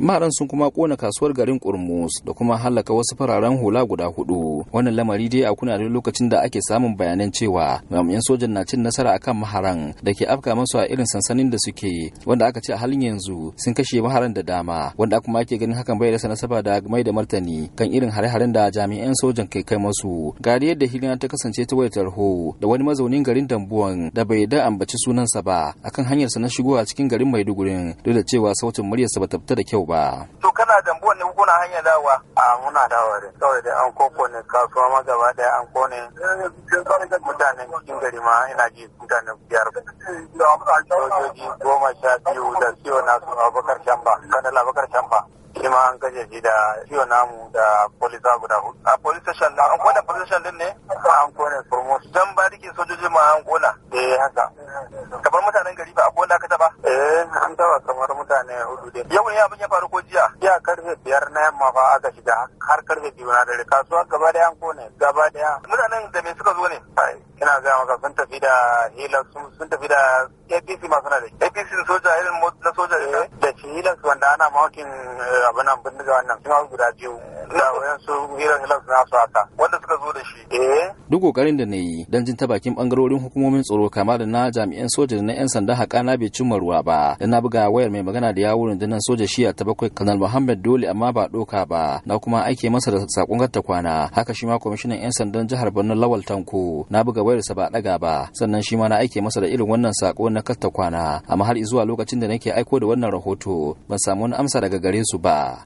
maharan sun kuma kona kasuwar garin kurmus da kuma halaka wasu fararen hula guda hudu wannan lamari dai a kuna da lokacin da ake samun bayanan cewa jami'an sojan na cin nasara akan maharan da ke afka masu a irin sansanin da suke wanda aka ce a halin yanzu sun kashe maharan da dama wanda kuma ake ganin hakan bai rasa nasaba da mai da martani kan irin hare-haren da jami'an sojan kai kai masu gari yadda hilina ta kasance ta wayar tarho da wani mazaunin garin dambuwan da bai da ambaci sunansa ba akan hanyarsa na shigowa cikin garin maidugurin duk da cewa sautin muryarsa ba ta fita da kyau yau ba. To kana dambuwan ne kuna hanya dawa? A muna dawa da kawai da an koko ne kasuwa ma gaba daya an kone mutanen cikin gari ma ina ji mutanen biyar. Sojoji goma sha biyu da siyo nasu abubakar shamba, kanala abubakar shamba. shi ma an kashe shi da siyo namu da polisa guda hudu. A police da an kona police station din ne? An kone furmus. Dan bariki sojoji ma an kona. Eh haka. da aka taba? Eh, an taba kamar mutane hudu dai. Yau ne abin ya faru ko jiya? Jiya karfe biyar na yamma fa aka shiga har karfe biyu na dare kasuwa gaba daya an kone gaba daya. Mutanen da me suka zo ne? Ina gaya maka sun tafi da hilux sun tafi da APC masu na da APC soja irin na soja eh, da shi hilar wanda ana mawakin eh, abin nan bindiga wannan sun guda biyu. Da wayan su hilar hilar su na su haka. Wanda suka zo da Eh? Duk kokarin da na yi don jin ta bakin bangarorin hukumomin tsaro kama da na jami'an soja da na 'yan sanda haƙa na bai cimma ruwa ba. Da na buga wayar mai magana da yawon nan soja shiya ta bakwai Kanal Muhammad Dole amma ba ɗoka ba. Na kuma aike masa da sakon gatta kwana. Haka shi ma kwamishinan 'yan sandan jihar Borno Lawal Tanko. Na buga wayarsa ba ɗaga ba. Sannan shi ma na aike masa da irin wannan sako na katta kwana. Amma har zuwa lokacin da nake aiko da wannan rahoto ban samu wani amsa daga gare su ba.